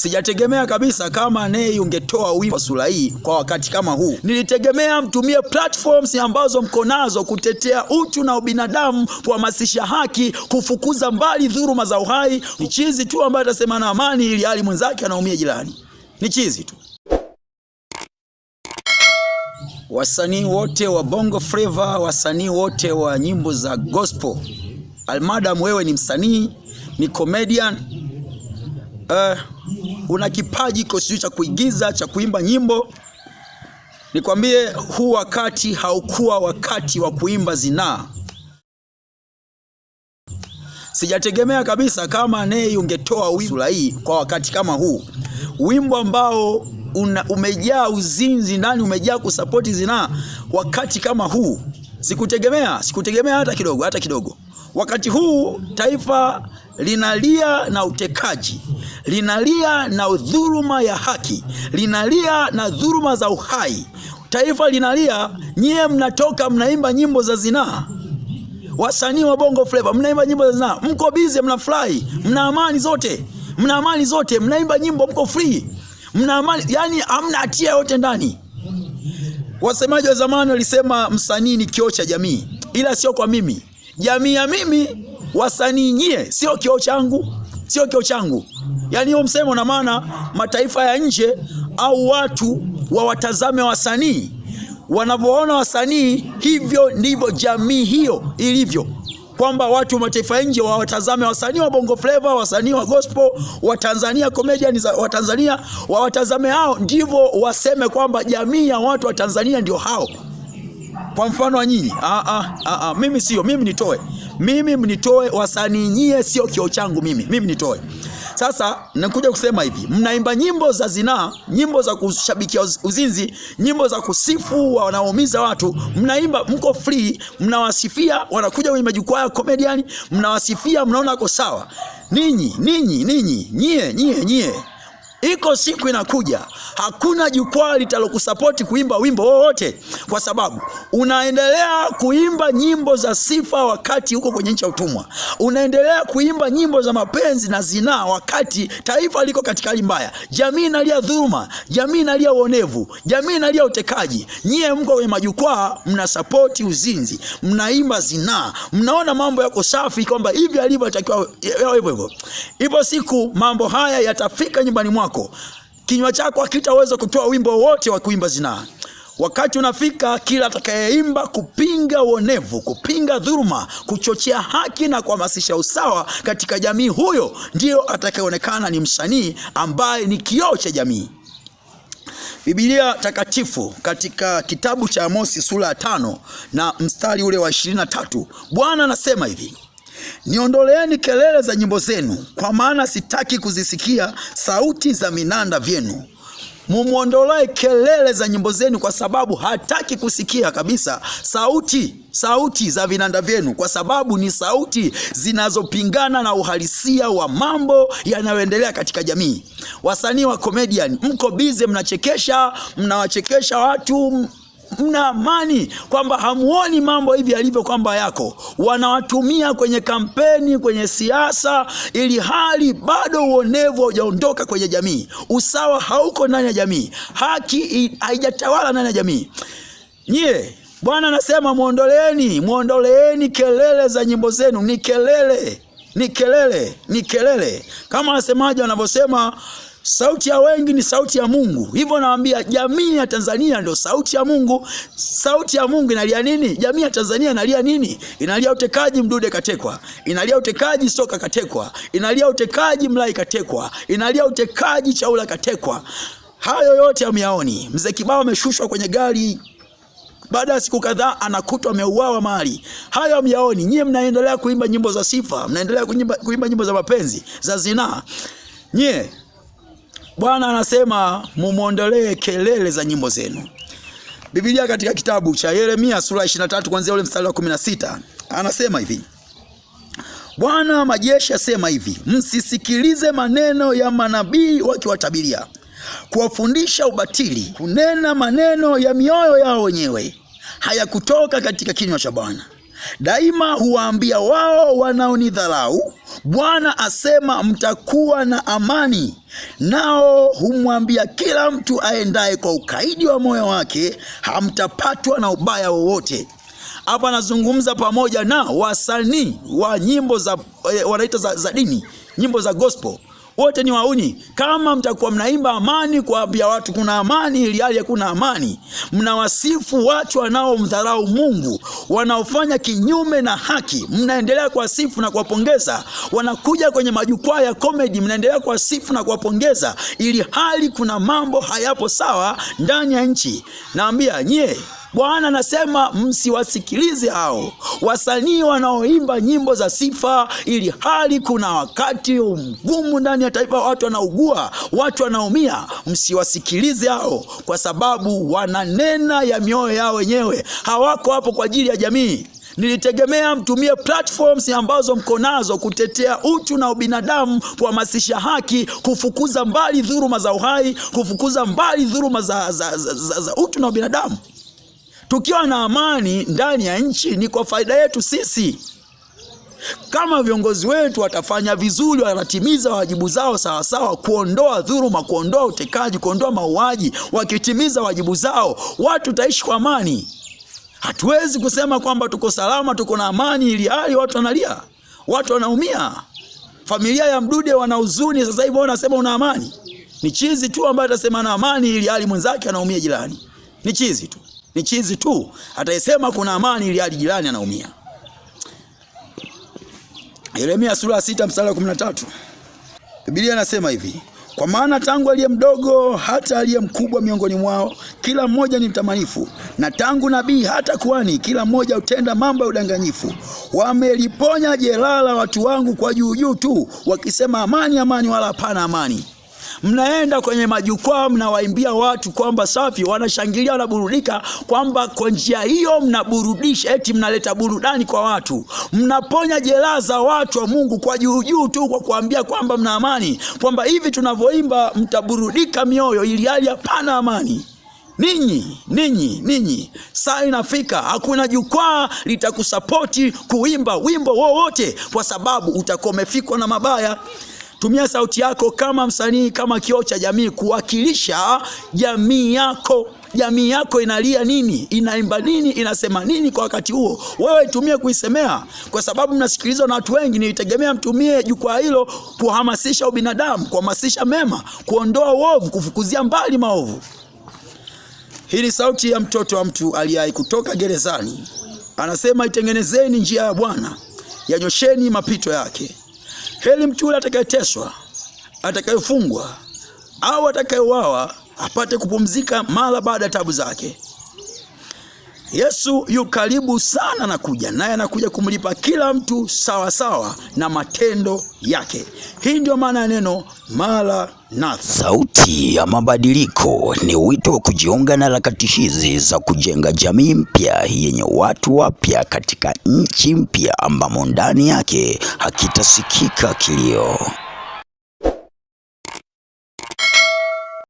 Sijategemea kabisa kama Nay ungetoa wimbo sura hii kwa wakati kama huu. Nilitegemea mtumie platforms ambazo mko nazo kutetea utu na ubinadamu, kuhamasisha haki, kufukuza mbali dhuluma za uhai. Ni chizi tu ambaye atasema na amani, ili hali mwenzake anaumia jirani. Ni chizi tu. Wasanii wote wa Bongo Flava, wasanii wote wa nyimbo za gospel, almadam wewe ni msanii, ni comedian eh, una kipaji kosi cha kuigiza cha kuimba nyimbo, nikwambie huu wakati haukuwa wakati wa kuimba zinaa. Sijategemea kabisa kama Nay ungetoa wimbo hii kwa wakati kama huu, wimbo ambao una, umejaa uzinzi ndani, umejaa kusapoti zinaa. Wakati kama huu sikutegemea, sikutegemea hata kidogo, hata kidogo. Wakati huu taifa linalia na utekaji linalia na dhuluma ya haki, linalia na dhuluma za uhai. Taifa linalia, nyie mnatoka mnaimba nyimbo za zinaa wasanii wa bongo fleva mnaimba nyimbo za zinaa, mko bize, fly, mna amani zote, mna amani zote, mnaimba nyimbo, mko free, mna amani, yani hamna hatia yote ndani. Wasemaji wa zamani walisema msanii ni kioo cha jamii, ila sio kwa mimi. Jamii ya mimi, wasanii nyie, sio kioo changu, sio kioo changu. Yaani hiyo msemo na maana mataifa ya nje au watu wawatazame wasanii wanavyoona wasanii, hivyo ndivyo jamii hiyo ilivyo, kwamba watu wa mataifa ya nje wawatazame wasanii wa bongo flava, wasanii wa gospel, Watanzania comedians wa Tanzania, wawatazame hao, ndivyo waseme kwamba jamii ya watu wa Tanzania ndio hao. Kwa mfano wa nyinyi, ah, ah, ah, ah. mimi sio mimi, nitoe mimi, mnitoe wasanii nyie, sio kio changu mimi, mimi nitoe sasa nakuja kusema hivi, mnaimba nyimbo za zinaa, nyimbo za kushabikia uzinzi, nyimbo za kusifu wanaoumiza watu, mnaimba, mko free, mnawasifia, wanakuja kwenye majukwaa ya komediani, mnawasifia, mnaona ako sawa. Ninyi ninyi ninyi nyie nyie nyie Iko siku inakuja, hakuna jukwaa litalokusapoti kuimba wimbo wowote, kwa sababu unaendelea kuimba nyimbo za sifa wakati huko kwenye nchi ya utumwa, unaendelea kuimba nyimbo za mapenzi na zinaa wakati taifa liko katika hali mbaya, jamii inalia dhuluma, jamii inalia uonevu, jamii inalia utekaji. Nyie mko kwenye majukwaa, mnasapoti uzinzi, mnaimba zinaa, mnaona mambo yako safi, kwamba hivi alivyotakiwa hivyo hivyo. Ipo siku mambo haya yatafika nyumbani mwako kwako, kinywa chako hakitaweza kutoa wimbo wote wa kuimba zinaa. Wakati unafika, kila atakayeimba kupinga uonevu, kupinga dhuluma, kuchochea haki na kuhamasisha usawa katika jamii, huyo ndiyo atakayeonekana ni msanii ambaye ni kioo cha jamii. Biblia takatifu katika kitabu cha Amosi sura ya tano na mstari ule wa ishirini na tatu Bwana anasema hivi: Niondoleeni kelele za nyimbo zenu, kwa maana sitaki kuzisikia sauti za vinanda vyenu. Mumwondolee kelele za nyimbo zenu, kwa sababu hataki kusikia kabisa sauti sauti za vinanda vyenu, kwa sababu ni sauti zinazopingana na uhalisia wa mambo yanayoendelea katika jamii. Wasanii wa comedian, mko bize, mnachekesha, mnawachekesha watu mna amani kwamba hamuoni mambo hivi yalivyo kwamba yako, wanawatumia kwenye kampeni, kwenye siasa, ili hali bado uonevu haujaondoka kwenye jamii, usawa hauko ndani ya jamii, haki haijatawala ndani ya jamii. Nyie Bwana anasema mwondoleeni mwondoleeni kelele za nyimbo zenu, ni kelele ni kelele, ni kelele. Kama wasemaji wanavyosema, sauti ya wengi ni sauti ya Mungu. Hivyo nawaambia jamii ya Tanzania ndio sauti ya Mungu. Sauti ya Mungu inalia nini? Jamii ya Tanzania inalia nini? Inalia utekaji, Mdude katekwa. Inalia utekaji, Soka katekwa. Inalia utekaji, Mlai katekwa. Inalia utekaji, Chaula katekwa. Hayo yote hamyaoni. Mzee Kibao ameshushwa kwenye gari baada ya siku kadhaa anakutwa ameuawa mali. Hayo myaoni nyie, mnaendelea kuimba nyimbo za sifa, mnaendelea kuimba nyimbo za mapenzi za zinaa. Nyie Bwana anasema mumwondolee kelele za nyimbo zenu. Biblia katika kitabu cha Yeremia sura 23 kuanzia ule mstari wa 16 anasema hivi Bwana majeshi asema hivi, msisikilize maneno ya manabii wakiwatabiria kuwafundisha ubatili, kunena maneno ya mioyo yao wenyewe, hayakutoka katika kinywa cha Bwana. Daima huwaambia wao wanaonidharau, Bwana asema, mtakuwa na amani. Nao humwambia kila mtu aendaye kwa ukaidi wa moyo wake, hamtapatwa na ubaya wowote. Hapa anazungumza pamoja na wasanii wa nyimbo za eh, wanaita za, za dini, nyimbo za gospel wote ni wauni. Kama mtakuwa mnaimba amani, kuambia watu kuna amani, ili hali hakuna amani, mnawasifu watu wanaomdharau Mungu, wanaofanya kinyume na haki, mnaendelea kuwasifu na kuwapongeza. Wanakuja kwenye majukwaa ya comedy, mnaendelea kuwasifu na kuwapongeza, ili hali kuna mambo hayapo sawa ndani ya nchi. Naambia nyie Bwana anasema msiwasikilize hao wasanii wanaoimba nyimbo za sifa, ili hali kuna wakati mgumu ndani ya taifa, watu wanaugua, watu wanaumia. Msiwasikilize hao, kwa sababu wananena ya mioyo yao wenyewe, hawako hapo kwa ajili ya jamii. Nilitegemea mtumie platforms ambazo mko nazo kutetea utu na ubinadamu, kuhamasisha haki, kufukuza mbali dhuruma za uhai, kufukuza mbali dhuruma za, za, za, za, za utu na ubinadamu. Tukiwa na amani ndani ya nchi ni kwa faida yetu sisi. Kama viongozi wetu watafanya vizuri, wanatimiza wajibu zao sawasawa, kuondoa dhuluma, kuondoa utekaji, kuondoa mauaji, wakitimiza wajibu zao, watu taishi kwa amani. Hatuwezi kusema kwamba tuko salama, tuko na amani, ili hali watu wanalia, watu wanaumia. Familia ya Mdude wana huzuni sasa hivi, wanasema una amani. Ni chizi tu ambaye atasema na amani, ili hali mwenzake anaumia, jirani. Ni chizi tu ni chizi tu. Ataisema kuna amani ili hali jirani anaumia. Yeremia sura sita mstari wa tatu Biblia anasema hivi: kwa maana tangu aliye mdogo hata aliye mkubwa miongoni mwao kila mmoja ni mtamanifu, na tangu nabii hata kuhani kila mmoja hutenda mambo ya udanganyifu. Wameliponya jeraha la watu wangu kwa juujuu tu, wakisema amani, amani, wala hapana amani mnaenda kwenye majukwaa mnawaimbia watu kwamba safi, wanashangilia wanaburudika, kwamba kwa njia hiyo mnaburudisha, eti mnaleta burudani kwa watu, mnaponya jeraha za watu wa Mungu kwa juujuu tu, kwa kuambia kwamba mna amani, kwamba hivi tunavyoimba mtaburudika mioyo, ili hali hapana amani. Ninyi ninyi ninyi, saa inafika, hakuna jukwaa litakusapoti kuimba wimbo wowote, kwa sababu utakuwa umefikwa na mabaya. Tumia sauti yako kama msanii, kama kioo cha jamii, kuwakilisha jamii yako. Jamii yako inalia nini? Inaimba nini? Inasema nini kwa wakati huo? Wewe itumie kuisemea, kwa sababu mnasikilizwa na watu wengi. Nilitegemea mtumie jukwaa hilo kuhamasisha ubinadamu, kuhamasisha mema, kuondoa uovu, kufukuzia mbali maovu. Hii ni sauti ya mtoto wa mtu aliyai kutoka gerezani, anasema: itengenezeni njia ya Bwana, yanyosheni mapito yake heli mtu atakayeteswa, atakayefungwa au atakayeuawa apate kupumzika mara baada ya tabu zake. Yesu yu karibu sana na kuja naye, anakuja kumlipa kila mtu sawasawa sawa na matendo yake. Hii ndiyo maana ya neno na Sauti ya Mabadiliko ni wito wa kujiunga na harakati hizi za kujenga jamii mpya yenye watu wapya katika nchi mpya ambamo ndani yake hakitasikika kilio.